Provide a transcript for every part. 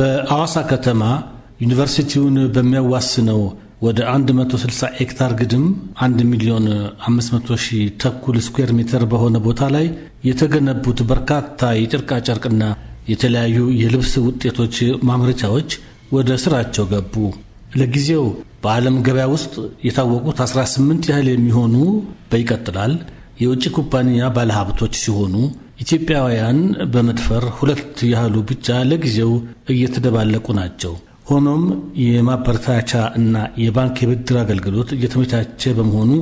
በአዋሳ ከተማ ዩኒቨርሲቲውን በሚያዋስነው ወደ 160 ሄክታር ግድም 1 ሚሊዮን 500 ሺህ ተኩል ስኩዌር ሜትር በሆነ ቦታ ላይ የተገነቡት በርካታ ጨርቅና የተለያዩ የልብስ ውጤቶች ማምረቻዎች ወደ ስራቸው ገቡ። ለጊዜው በዓለም ገበያ ውስጥ የታወቁት 18 ያህል የሚሆኑ በይቀጥላል የውጭ ኩባንያ ባለሀብቶች ሲሆኑ ኢትዮጵያውያን በመድፈር ሁለት ያህሉ ብቻ ለጊዜው እየተደባለቁ ናቸው። ሆኖም የማበረታቻ እና የባንክ የብድር አገልግሎት እየተመቻቸ በመሆኑ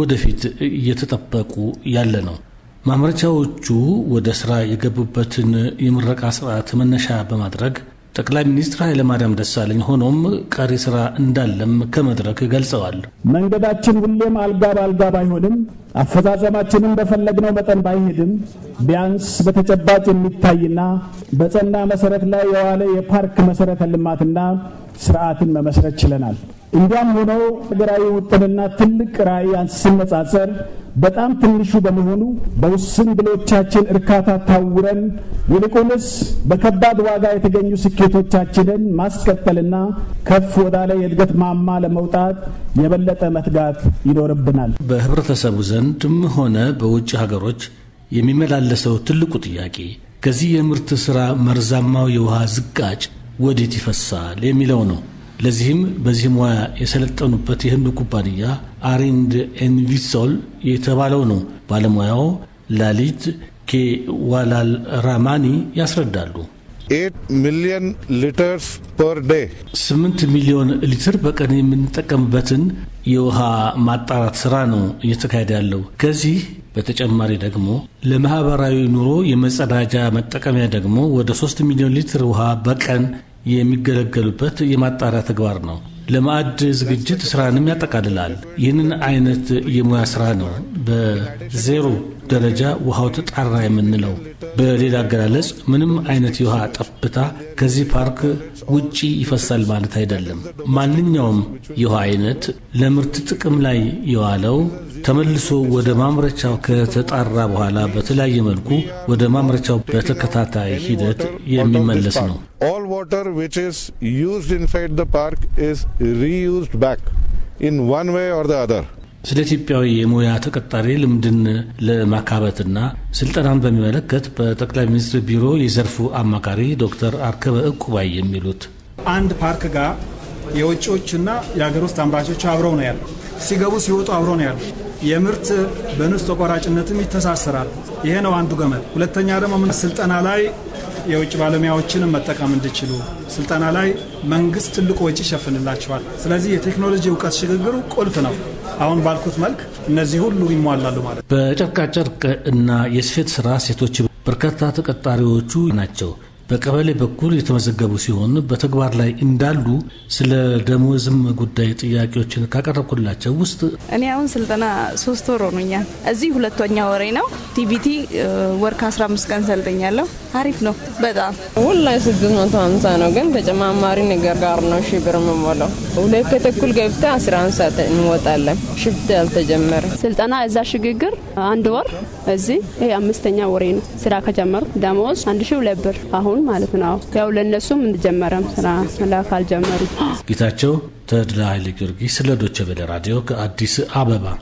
ወደፊት እየተጠበቁ ያለ ነው። ማምረቻዎቹ ወደ ሥራ የገቡበትን የምረቃ ስርዓት መነሻ በማድረግ ጠቅላይ ሚኒስትር ኃይለማርያም ደሳለኝ ሆኖም ቀሪ ስራ እንዳለም ከመድረክ ገልጸዋል። መንገዳችን ሁሌም አልጋ በአልጋ ባይሆንም አፈጻጸማችንም በፈለግነው መጠን ባይሄድም ቢያንስ በተጨባጭ የሚታይና በጸና መሰረት ላይ የዋለ የፓርክ መሰረተ ልማትና ስርዓትን መመስረት ችለናል። እንዲያም ሆኖ ሀገራዊ ውጥንና ትልቅ ራዕይ ሲነጻጸር በጣም ትንሹ በመሆኑ በውስን ብሎቻችን እርካታ ታውረን ይልቁንስ በከባድ ዋጋ የተገኙ ስኬቶቻችንን ማስቀጠልና ከፍ ወዳለ የእድገት ማማ ለመውጣት የበለጠ መትጋት ይኖርብናል። በህብረተሰቡ ዘንድም ሆነ በውጭ ሀገሮች የሚመላለሰው ትልቁ ጥያቄ ከዚህ የምርት ስራ መርዛማው የውሃ ዝቃጭ ወዴት ይፈሳል የሚለው ነው። ለዚህም በዚህ ሙያ የሰለጠኑበት የህንድ ኩባንያ አሪንድ ኤንቪሶል የተባለው ነው። ባለሙያው ላሊት ኬዋላል ራማኒ ያስረዳሉ። ሚሊዮን ሊተርስ ፐር 8 ስምንት ሚሊዮን ሊትር በቀን የምንጠቀምበትን የውሃ ማጣራት ስራ ነው እየተካሄደ ያለው። ከዚህ በተጨማሪ ደግሞ ለማህበራዊ ኑሮ የመጸዳጃ መጠቀሚያ ደግሞ ወደ ሶስት ሚሊዮን ሊትር ውሃ በቀን የሚገለገሉበት የማጣሪያ ተግባር ነው። ለማዕድ ዝግጅት ስራንም ያጠቃልላል። ይህንን አይነት የሙያ ስራ ነው በዜሮ ደረጃ ውሃው ተጣራ የምንለው። በሌላ አገላለጽ ምንም አይነት የውሃ ጠብታ ከዚህ ፓርክ ውጪ ይፈሳል ማለት አይደለም። ማንኛውም የውሃ አይነት ለምርት ጥቅም ላይ የዋለው ተመልሶ ወደ ማምረቻው ከተጣራ በኋላ በተለያየ መልኩ ወደ ማምረቻው በተከታታይ ሂደት የሚመለስ ነው። ሪዩዝድ ባክ ኢን ዋን ዌይ ኦር ዘ አዘር ስለ ኢትዮጵያዊ የሙያ ተቀጣሪ ልምድን ለማካበትና ስልጠናን በሚመለከት በጠቅላይ ሚኒስትር ቢሮ የዘርፉ አማካሪ ዶክተር አርከበ እቁባይ የሚሉት አንድ ፓርክ ጋር የውጭዎችና የሀገር ውስጥ አምራቾች አብረው ነው ያለ። ሲገቡ ሲወጡ አብረው ነው ያለ። የምርት በንስ ተቋራጭነትም ይተሳሰራል። ይሄ ነው አንዱ ገመድ። ሁለተኛ ደግሞ ምን ስልጠና ላይ የውጭ ባለሙያዎችንም መጠቀም እንዲችሉ ስልጠና ላይ መንግስት ትልቁ ወጪ ይሸፍንላቸዋል። ስለዚህ የቴክኖሎጂ እውቀት ሽግግሩ ቁልፍ ነው። አሁን ባልኩት መልክ እነዚህ ሁሉ ይሟላሉ ማለት ነው። በጨርቃጨርቅ እና የስፌት ስራ ሴቶች በርካታ ተቀጣሪዎቹ ናቸው። በቀበሌ በኩል የተመዘገቡ ሲሆን በተግባር ላይ እንዳሉ ስለ ደሞዝም ጉዳይ ጥያቄዎችን ካቀረብኩላቸው ውስጥ እኔ አሁን ስልጠና ሶስት ወር ሆኖኛል። እዚህ ሁለተኛ ወሬ ነው። ቲቪቲ ወር ከ15 ቀን ሰልጠኛለሁ። አሪፍ ነው በጣም ወላሂ 650 ነው፣ ግን ተጨማማሪ ነገር ጋር ነው ሺ ብር የምሞላው። ሁለት ከተኩል ገብታ 11 ሰዓት እንወጣለን። ሽፍት ያልተጀመረ ስልጠና እዛ ሽግግር አንድ ወር እዚህ ይሄ አምስተኛ ወሬ ነው። ስራ ከጀመር ደሞዝ አንድ ሺ ሁለት ብር አሁን ማለት ነው። ያው ለእነሱም እንጀመረም ስራ መላክ አልጀመሩ። ጌታቸው ተድላ ኃይለ ጊዮርጊስ ለዶቸ ቬለ ራዲዮ ከአዲስ አበባ